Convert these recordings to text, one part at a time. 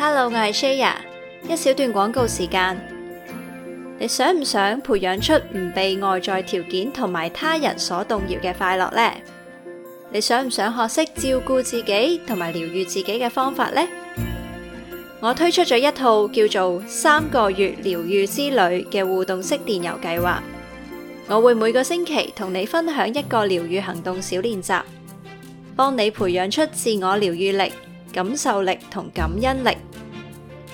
Hello，我係 Shaya，一小段廣告時間。你想唔想培養出唔被外在條件同埋他人所動搖嘅快樂呢？你想唔想學識照顧自己同埋療愈自己嘅方法呢？我推出咗一套叫做《三個月療愈之旅》嘅互動式電郵計劃。我會每個星期同你分享一個療愈行動小練習，幫你培養出自我療愈力、感受力同感恩力。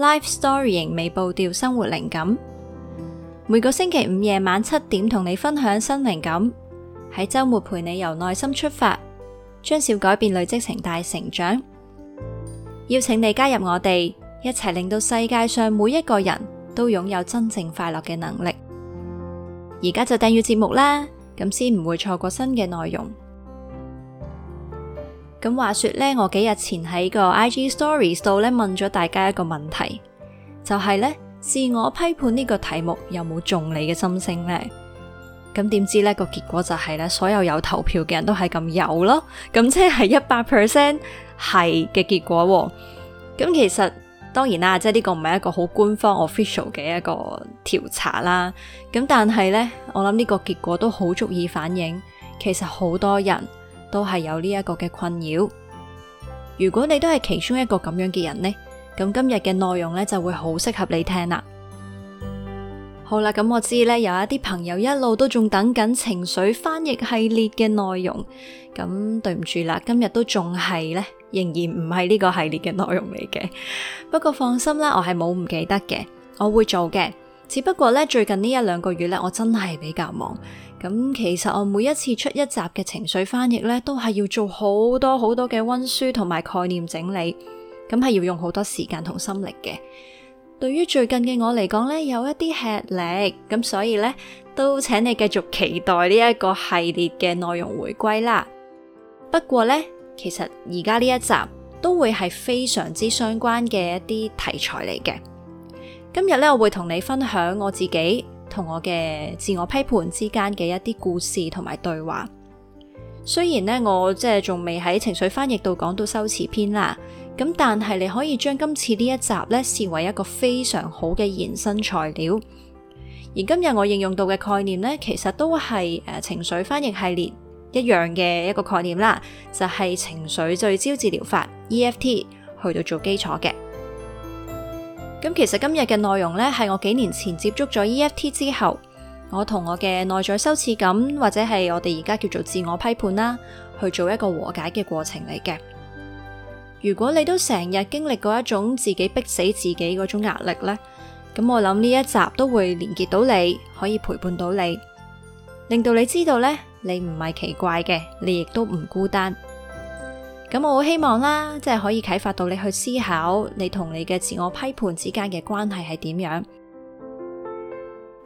Life Storying 微步調，生活靈感。每個星期五夜晚七點，同你分享新靈感。喺周末陪你由內心出發，將小改變累積成大成長。邀請你加入我哋，一齊令到世界上每一個人都擁有真正快樂嘅能力。而家就訂閱節目啦，咁先唔會錯過新嘅內容。咁話說咧，我幾日前喺個 IG Stories 度咧問咗大家一個問題，就係咧，自我批判呢個題目有冇中你嘅心聲咧？咁點知咧，個結果就係咧，所有有投票嘅人都係咁有咯，咁即係一百 percent 係嘅結果。咁其實當然啦，即係呢個唔係一個好官方 official 嘅一個調查啦。咁但係咧，我諗呢個結果都好足以反映，其實好多人。都係有呢一個嘅困擾。如果你都係其中一個咁樣嘅人呢，咁今日嘅內容呢就會好適合你聽啦。好啦，咁我知呢，有一啲朋友一路都仲等緊情緒翻譯系列嘅內容，咁對唔住啦，今日都仲係呢，仍然唔係呢個系列嘅內容嚟嘅。不過放心啦，我係冇唔記得嘅，我會做嘅。只不過咧，最近呢一兩個月咧，我真係比較忙。咁其實我每一次出一集嘅情緒翻譯咧，都係要做好多好多嘅温書同埋概念整理，咁係要用好多時間同心力嘅。對於最近嘅我嚟講咧，有一啲吃力，咁所以咧都請你繼續期待呢一個系列嘅內容回歸啦。不過咧，其實而家呢一集都會係非常之相關嘅一啲題材嚟嘅。今日咧，我會同你分享我自己同我嘅自我批判之間嘅一啲故事同埋對話。雖然咧，我即係仲未喺情緒翻譯度講到羞恥篇啦，咁但係你可以將今次呢一集咧視為一個非常好嘅延伸材料。而今日我應用到嘅概念咧，其實都係誒、呃、情緒翻譯系列一樣嘅一個概念啦，就係、是、情緒聚焦治療法 EFT 去到做基礎嘅。咁其實今日嘅內容呢，係我幾年前接觸咗 EFT 之後，我同我嘅內在羞恥感或者係我哋而家叫做自我批判啦，去做一個和解嘅過程嚟嘅。如果你都成日經歷過一種自己逼死自己嗰種壓力呢，咁我諗呢一集都會連結到你，可以陪伴到你，令到你知道呢，你唔係奇怪嘅，你亦都唔孤單。咁我好希望啦，即係可以啟發到你去思考你同你嘅自我批判之間嘅關係係點樣。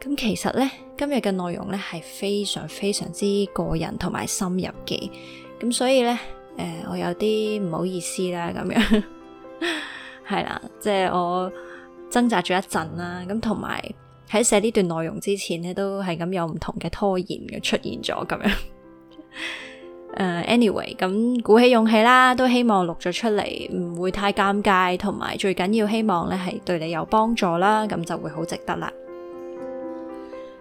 咁其實咧，今日嘅內容咧係非常非常之個人同埋深入嘅。咁所以咧，誒、呃，我有啲唔好意思啦，咁樣係啦，即 係我掙扎咗一陣啦。咁同埋喺寫呢段內容之前咧，都係咁有唔同嘅拖延嘅出現咗咁樣。 誒，anyway 咁鼓起勇氣啦，都希望錄咗出嚟唔會太尷尬，同埋最緊要希望咧係對你有幫助啦，咁就會好值得啦。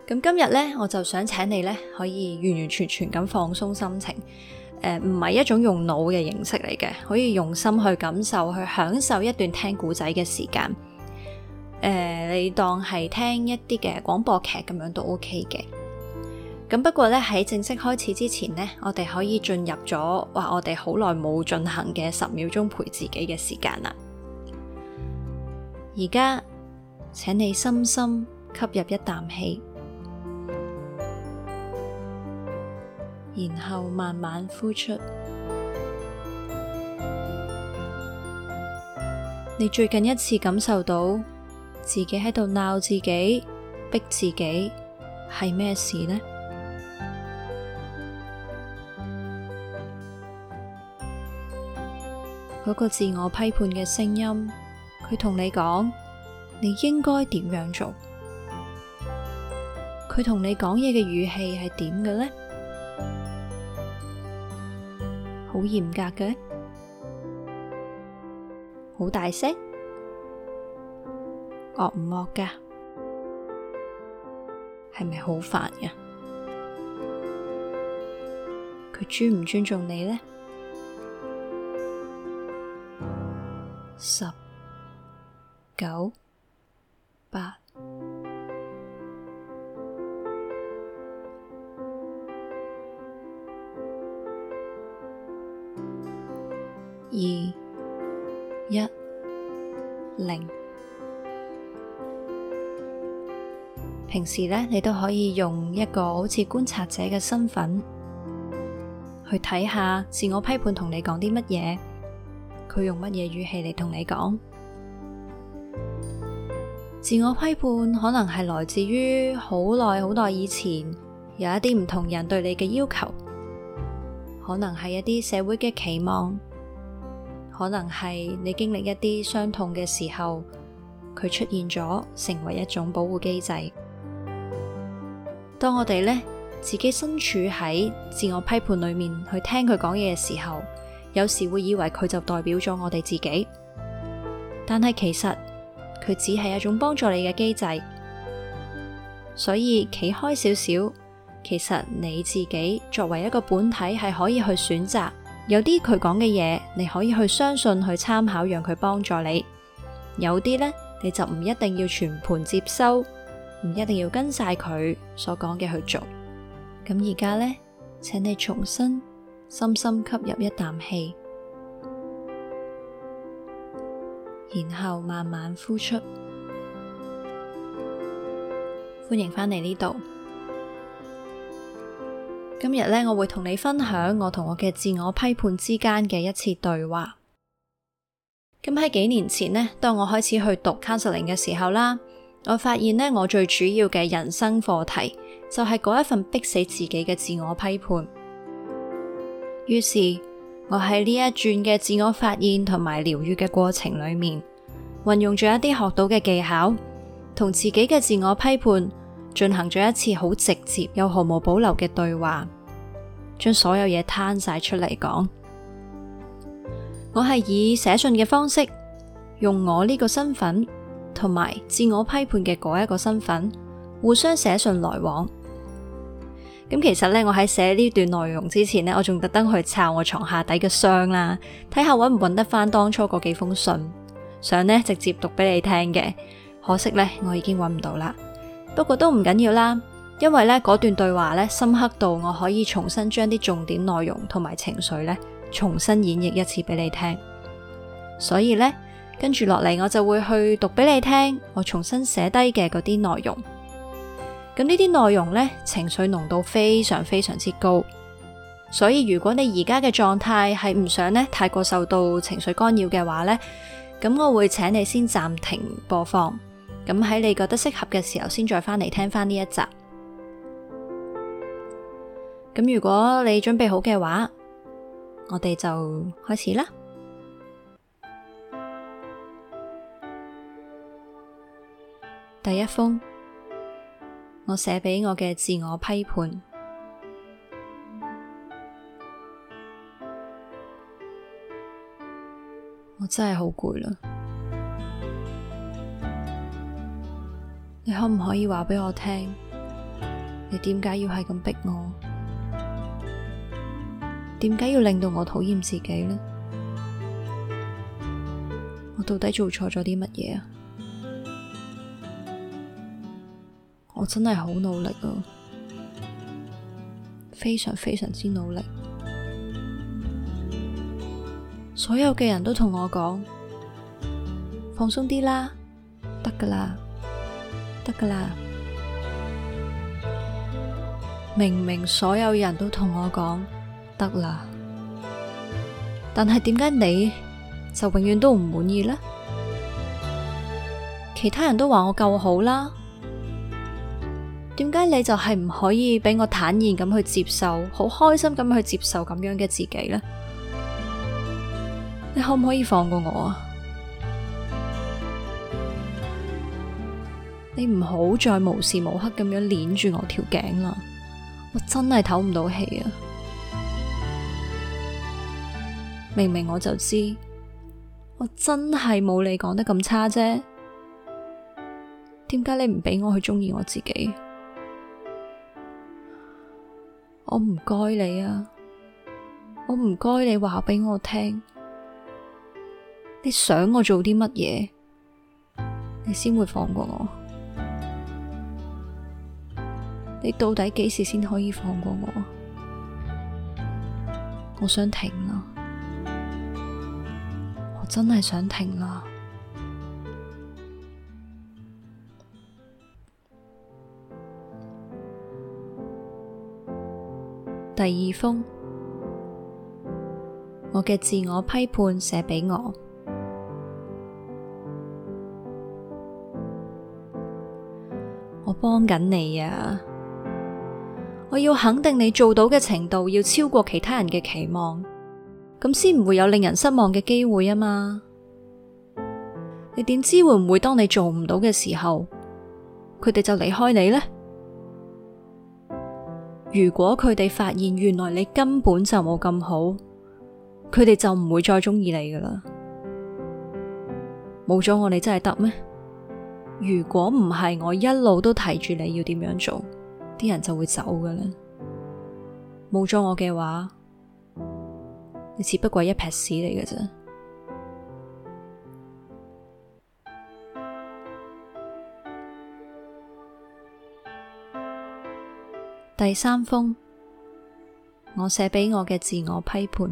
咁今日咧，我就想請你咧可以完完全全咁放鬆心情，呃，唔係一種用腦嘅形式嚟嘅，可以用心去感受，去享受一段聽故仔嘅時間。誒、呃，你當係聽一啲嘅廣播劇咁樣都 OK 嘅。咁不過呢，喺正式開始之前呢，我哋可以進入咗話我哋好耐冇進行嘅十秒鐘陪自己嘅時間啦。而家，請你深深吸入一啖氣，然後慢慢呼出。你最近一次感受到自己喺度鬧自己、逼自己係咩事呢？嗰個自我批判嘅聲音，佢同你講，你應該點樣做？佢同你講嘢嘅語氣係點嘅咧？好嚴格嘅，好大聲，惡唔惡㗎？係咪好煩嘅？佢尊唔尊重你咧？十、九、八、二、一、零。平時呢，你都可以用一個好似觀察者嘅身份去睇下，自我批判同你講啲乜嘢。佢用乜嘢語氣嚟同你講？自我批判可能係來自於好耐好耐以前有一啲唔同人對你嘅要求，可能係一啲社會嘅期望，可能係你經歷一啲傷痛嘅時候，佢出現咗成為一種保護機制。當我哋呢，自己身處喺自我批判裏面，去聽佢講嘢嘅時候。有時會以為佢就代表咗我哋自己，但係其實佢只係一種幫助你嘅機制，所以企開少少，其實你自己作為一個本體係可以去選擇，有啲佢講嘅嘢你可以去相信去參考，讓佢幫助你；有啲呢，你就唔一定要全盤接收，唔一定要跟晒佢所講嘅去做。咁而家呢，請你重新。深深吸入一啖氣，然後慢慢呼出。歡迎返嚟呢度。今日呢，我會同你分享我同我嘅自我批判之間嘅一次對話。咁喺幾年前呢，當我開始去讀卡 o u 嘅時候啦，我發現呢，我最主要嘅人生課題就係、是、嗰一份逼死自己嘅自我批判。於是，我喺呢一轉嘅自我發現同埋療癒嘅過程裏面，運用咗一啲學到嘅技巧，同自己嘅自我批判進行咗一次好直接又毫無保留嘅對話，將所有嘢攤晒出嚟講。我係以寫信嘅方式，用我呢個身份同埋自我批判嘅嗰一個身份互相寫信來往。咁其實呢，我喺寫呢段內容之前呢，我仲特登去拆我床下底嘅箱啦，睇下揾唔揾得翻當初嗰幾封信，想呢直接讀俾你聽嘅。可惜呢，我已經揾唔到啦。不過都唔緊要啦，因為呢嗰段對話呢，深刻到我可以重新將啲重點內容同埋情緒呢重新演繹一次俾你聽。所以呢，跟住落嚟我就會去讀俾你聽我重新寫低嘅嗰啲內容。咁呢啲內容呢，情緒濃度非常非常之高，所以如果你而家嘅狀態係唔想呢太過受到情緒干擾嘅話呢，咁我會請你先暫停播放，咁喺你覺得適合嘅時候先再翻嚟聽翻呢一集。咁如果你準備好嘅話，我哋就開始啦。第一封。我寫畀我嘅自我批判，我真係好攰啦！你可唔可以話畀我聽，你點解要係咁逼我？點解要令到我討厭自己咧？我到底做錯咗啲乜嘢啊？我真係好努力啊，非常非常之努力。所有嘅人都同我講放鬆啲啦，得噶啦，得噶啦。明明所有人都同我講得啦，但係點解你就永遠都唔滿意呢？其他人都話我夠好啦。點解你就係唔可以畀我坦然咁去接受，好開心咁去接受咁樣嘅自己呢？你可唔可以放過我啊？你唔好再無時無刻咁樣鏈住我條頸啦！我真係唞唔到氣啊！明明我就知，我真係冇你講得咁差啫。點解你唔俾我去中意我自己？我唔該你啊！我唔該你話畀我聽，你想我做啲乜嘢，你先會放過我？你到底幾時先可以放過我？我想停啦，我真係想停啦。第二封，我嘅自我批判寫俾我，我幫緊你呀、啊，我要肯定你做到嘅程度要超過其他人嘅期望，咁先唔會有令人失望嘅機會啊嘛！你點知會唔會當你做唔到嘅時候，佢哋就離開你呢？如果佢哋發現，原來你根本就冇咁好，佢哋就唔會再中意你噶啦。冇咗我你真係得咩？如果唔係我一路都睇住你要點樣做，啲人就會走噶啦。冇咗我嘅話，你只不過係一撇屎嚟噶啫。第三封，我寫俾我嘅自我批判。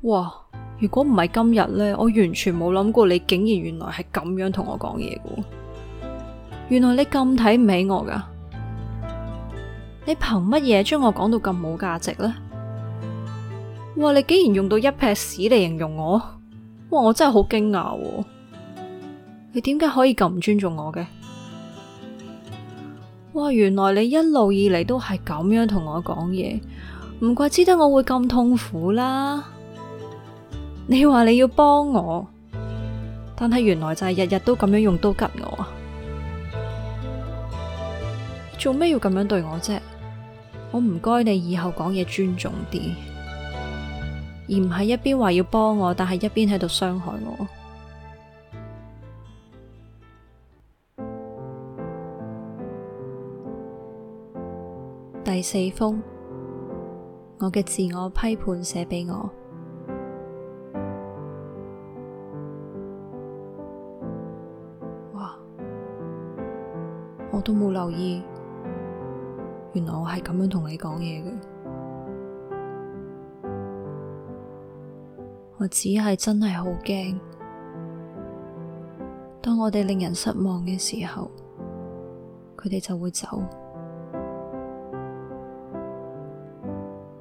哇！如果唔係今日呢，我完全冇諗過你竟然原來係咁樣同我講嘢嘅。原來你咁睇唔起我噶？你憑乜嘢將我講到咁冇價值呢？哇！你竟然用到一撇屎嚟形容我？哇！我真係好驚訝。你點解可以咁唔尊重我嘅？哇，原來你一路以嚟都係咁樣同我講嘢，唔怪之得我會咁痛苦啦。你話你要幫我，但係原來就係日日都咁樣用刀吉我啊！做咩要咁樣對我啫？我唔該你以後講嘢尊重啲，而唔係一邊話要幫我，但係一邊喺度傷害我。第四封，我嘅自我批判寫俾我。哇！我都冇留意，原來我係咁樣同你講嘢嘅。我只係真係好驚。當我哋令人失望嘅時候，佢哋就會走。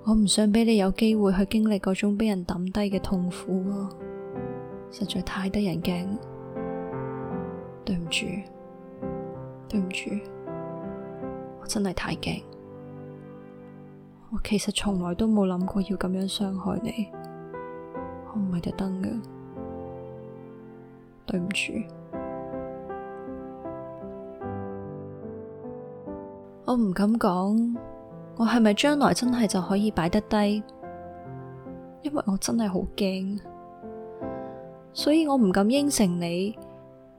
我唔想俾你有機會去經歷嗰種俾人抌低嘅痛苦啊，實在太得人驚。對唔住，對唔住，我真係太驚。我其實從來都冇諗過要咁樣傷害你，我唔係特登㗎。對唔住，我唔敢講。我係咪將來真係就可以擺得低？因為我真係好驚，所以我唔敢應承你，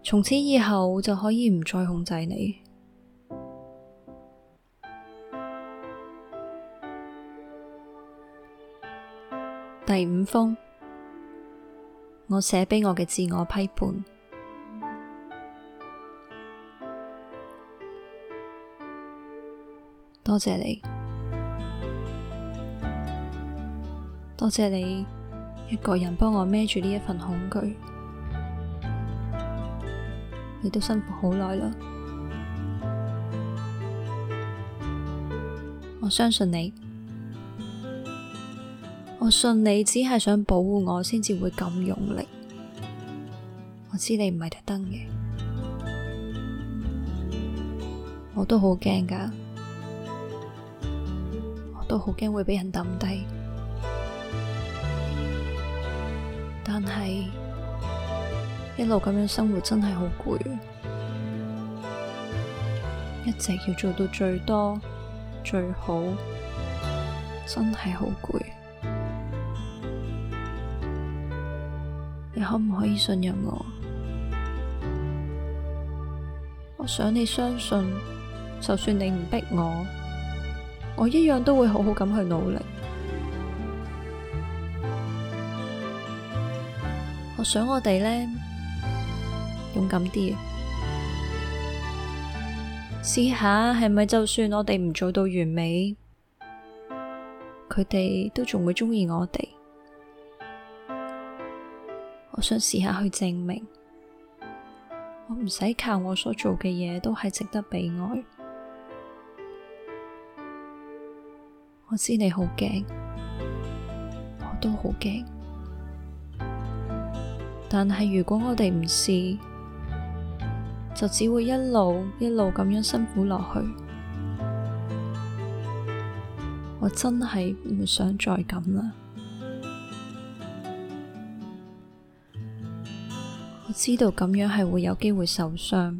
從此以後就可以唔再控制你。第五封，我寫俾我嘅自我批判。多謝你。多謝你一個人幫我孭住呢一份恐懼，你都辛苦好耐喇。我相信你，我信你只係想保護我，先至會咁用力。我知你唔係特登嘅，我都好驚㗎，我都好驚會俾人抌低。但係一路咁樣生活真係好攰啊，一直要做到最多最好，真係好攰。你可唔可以信任我？我想你相信，就算你唔逼我，我一樣都會好好咁去努力。我想我哋呢，勇敢啲，試下係咪就算我哋唔做到完美，佢哋都仲會鍾意我哋。我想試下去證明，我唔使靠我所做嘅嘢都係值得被愛。我知你好驚，我都好驚。但係，如果我哋唔試，就只會一路一路咁樣辛苦落去。我真係唔想再咁啦。我知道咁樣係會有機會受傷，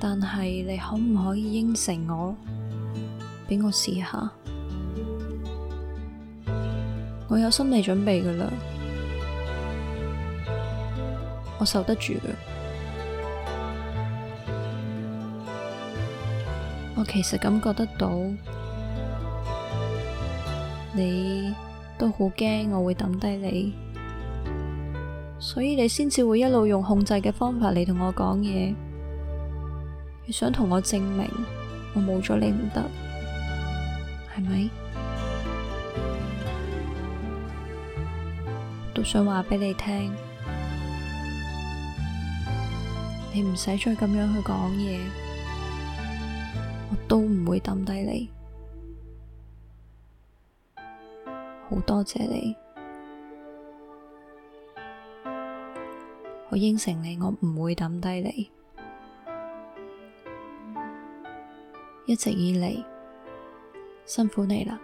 但係你可唔可以應承我，畀我試下？我有心理準備噶啦。我受得住嘅，我其實感覺得到，你都好驚我會抌低你，所以你先至會一路用控制嘅方法嚟同我講嘢，你想同我證明我冇咗你唔得，係咪？都想話畀你聽。你唔使再咁樣去講嘢，我都唔會抌低你。好多謝你，我應承你，我唔會抌低你。一直以嚟，辛苦你啦，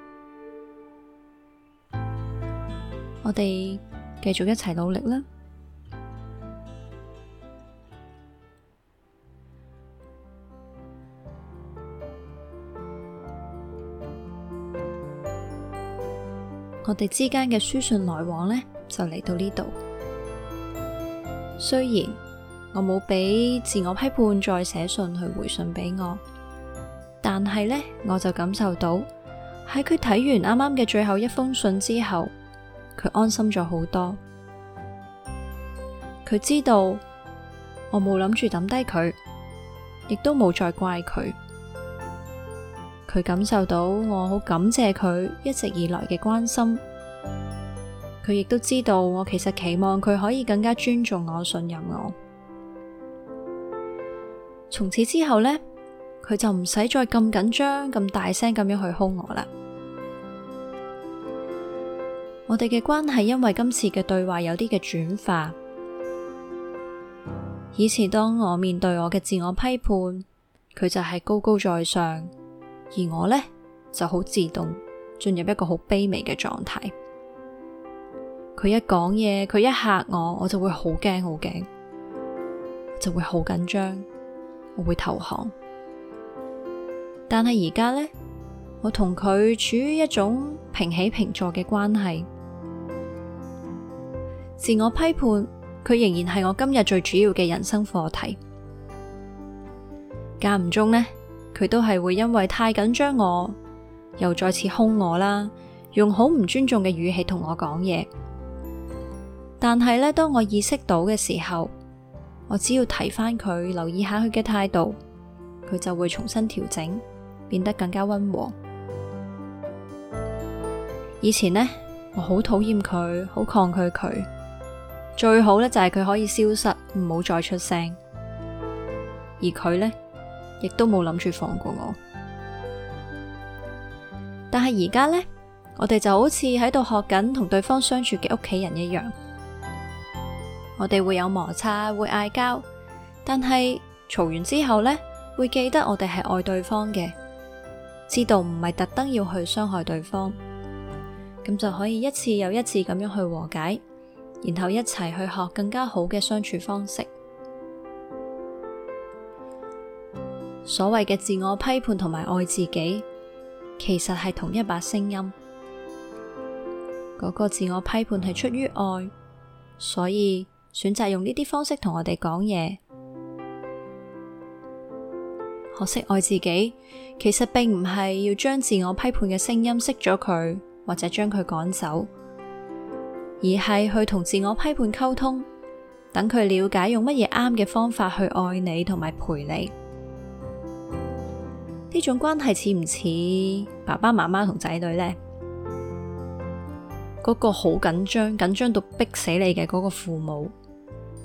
我哋繼續一齊努力啦。我哋之間嘅書信來往呢，就嚟到呢度。雖然我冇俾自我批判再寫信去回信俾我，但係呢，我就感受到喺佢睇完啱啱嘅最後一封信之後，佢安心咗好多。佢知道我冇諗住抌低佢，亦都冇再怪佢。佢感受到我好感謝佢一直以來嘅關心，佢亦都知道我其實期望佢可以更加尊重我、信任我。從此之後呢，佢就唔使再咁緊張、咁大聲咁樣去凶我啦。我哋嘅關係因為今次嘅對話有啲嘅轉化。以前當我面對我嘅自我批判，佢就係高高在上。而我呢，就好自動進入一個好卑微嘅狀態。佢一講嘢，佢一吓我，我就會好驚好驚，就會好緊張，我會投降。但係而家呢，我同佢處於一種平起平坐嘅關係。自我批判，佢仍然係我今日最主要嘅人生課題。間唔中呢。佢都係會因為太緊張，我又再次兇我啦，用好唔尊重嘅語氣同我講嘢。但係呢，當我意識到嘅時候，我只要提翻佢，留意下佢嘅態度，佢就會重新調整，變得更加溫和。以前呢，我好討厭佢，好抗拒佢，最好呢，就係佢可以消失，唔好再出聲。而佢呢……亦都冇諗住放過我，但係而家呢，我哋就好似喺度學緊同對方相處嘅屋企人一樣，我哋會有摩擦，會嗌交，但係嘈完之後呢，會記得我哋係愛對方嘅，知道唔係特登要去傷害對方，咁就可以一次又一次咁樣去和解，然後一齊去學更加好嘅相處方式。所謂嘅自我批判同埋愛自己，其實係同一把聲音。嗰個自我批判係出於愛，所以選擇用呢啲方式同我哋講嘢。學識愛自己，其實並唔係要將自我批判嘅聲音熄咗佢，或者將佢趕走，而係去同自我批判溝通，等佢了解用乜嘢啱嘅方法去愛你同埋陪你。呢種關係似唔似爸爸媽媽同仔女呢？嗰個好緊張，緊張到逼死你嘅嗰個父母，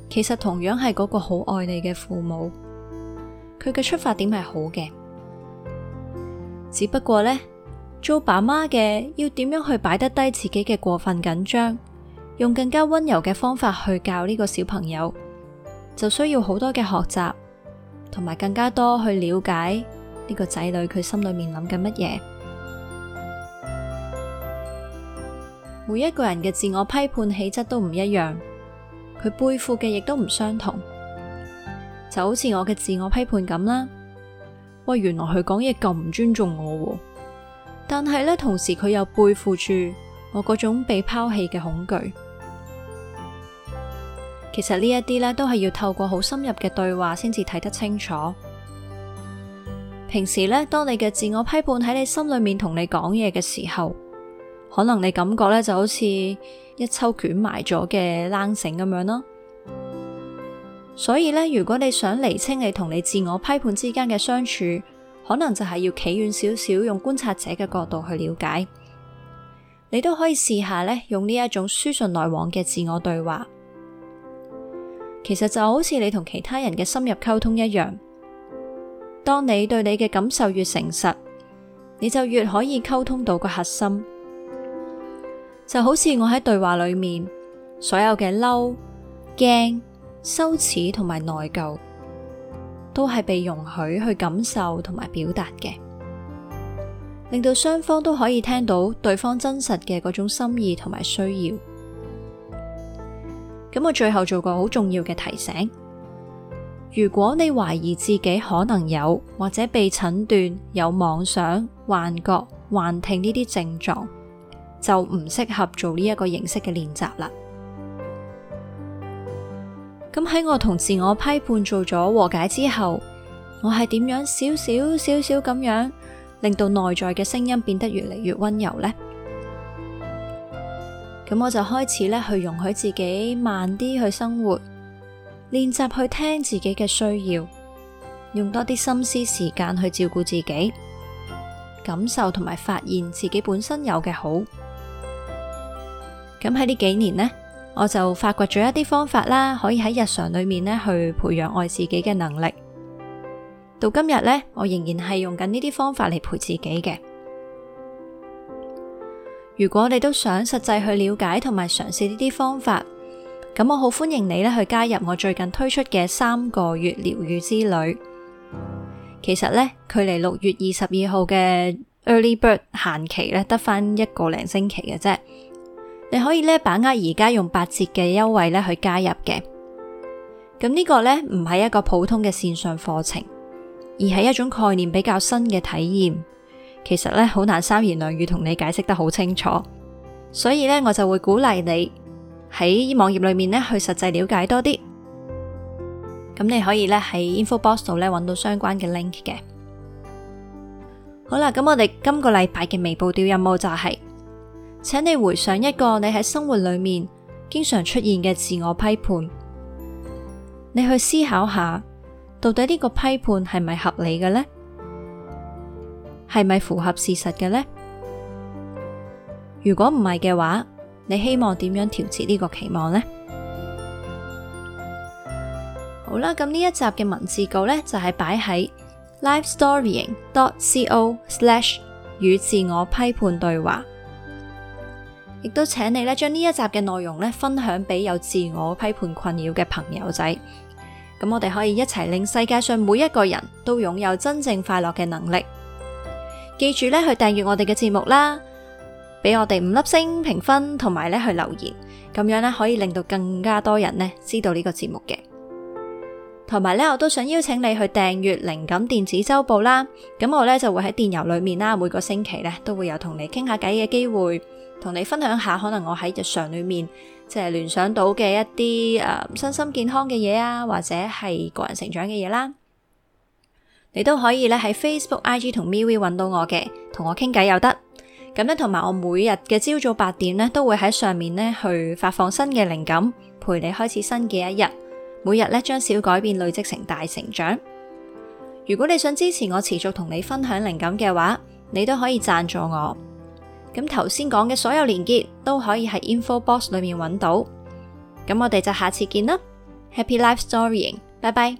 其實同樣係嗰個好愛你嘅父母。佢嘅出發點係好嘅，只不過呢，做爸媽嘅要點樣去擺得低自己嘅過分緊張，用更加溫柔嘅方法去教呢個小朋友，就需要好多嘅學習，同埋更加多去了解。呢個仔女佢心裏面諗緊乜嘢？每一個人嘅自我批判氣質都唔一樣，佢背負嘅亦都唔相同。就好似我嘅自我批判咁啦，喂，原來佢講嘢咁唔尊重我啊但係呢，同時佢又背負住我嗰種被拋棄嘅恐懼。其實呢一啲呢，都係要透過好深入嘅對話先至睇得清楚。平時呢，當你嘅自我批判喺你心裏面同你講嘢嘅時候，可能你感覺呢就好似一抽捲埋咗嘅冷繩咁樣咯。所以呢，如果你想厘清你同你自我批判之間嘅相處，可能就係要企遠少少，用觀察者嘅角度去了解。你都可以試下呢，用呢一種書信來往嘅自我對話，其實就好似你同其他人嘅深入溝通一樣。當你對你嘅感受越誠實，你就越可以溝通到個核心。就好似我喺對話裏面，所有嘅嬲、驚、羞恥同埋內疚，都係被容許去感受同埋表達嘅，令到雙方都可以聽到對方真實嘅嗰種心意同埋需要。咁我最後做個好重要嘅提醒。如果你懷疑自己可能有或者被診斷有妄想、幻覺、幻聽呢啲症狀，就唔適合做呢一個形式嘅練習啦。咁喺我同自我批判做咗和解之後，我係點樣少少少少咁樣令到內在嘅聲音變得越嚟越溫柔呢？咁我就開始咧去容許自己慢啲去生活。練習去聽自己嘅需要，用多啲心思時間去照顧自己，感受同埋發現自己本身有嘅好。咁喺呢幾年呢，我就發掘咗一啲方法啦，可以喺日常裏面呢去培養愛自己嘅能力。到今日呢，我仍然係用緊呢啲方法嚟陪自己嘅。如果你都想實際去了解同埋嘗試呢啲方法。咁我好歡迎你咧去加入我最近推出嘅三個月療癒之旅。其實咧，距離六月二十二號嘅 Early Bird 限期咧，得翻一個零星期嘅啫。你可以咧把握而家用八折嘅優惠咧去加入嘅。咁呢個咧唔係一個普通嘅綫上課程，而係一種概念比較新嘅體驗。其實咧好難三言兩語同你解釋得好清楚，所以咧我就會鼓勵你。喺網頁裏面咧，去實際了解多啲。咁你可以咧喺 infobox 度咧，揾到相關嘅 link 嘅。好啦，咁我哋今個禮拜嘅微步調任務就係、是，請你回想一個你喺生活裏面經常出現嘅自我批判。你去思考下，到底呢個批判係咪合理嘅呢？係咪符合事實嘅呢？如果唔係嘅話，你希望點樣調節呢個期望呢？好啦，咁呢一集嘅文字稿呢，就係、是、擺喺 lifestorying.co/slash 與自我批判對話，亦都請你呢將呢一集嘅內容呢分享俾有自我批判困擾嘅朋友仔。咁我哋可以一齊令世界上每一個人都擁有真正快樂嘅能力。記住呢，去訂閱我哋嘅節目啦！俾我哋五粒星評分，同埋咧去留言，咁樣咧可以令到更加多人咧知道呢個節目嘅。同埋咧，我都想邀請你去訂閱靈感電子週報啦。咁我咧就會喺電郵裏面啦，每個星期咧都會有同你傾下偈嘅機會，同你分享下可能我喺日常裏面即係聯想到嘅一啲誒身心健康嘅嘢啊，或者係個人成長嘅嘢啦。你都可以咧喺 Facebook、IG 同 MeWe 揾到我嘅，同我傾偈又得。咁咧，同埋我每日嘅朝早八點咧，都會喺上面咧去發放新嘅靈感，陪你開始新嘅一日。每日咧將小改變累積成大成長。如果你想支持我持續同你分享靈感嘅話，你都可以贊助我。咁頭先講嘅所有鏈接都可以喺 info box 裏面揾到。咁我哋就下次見啦，Happy Life Storying，拜拜。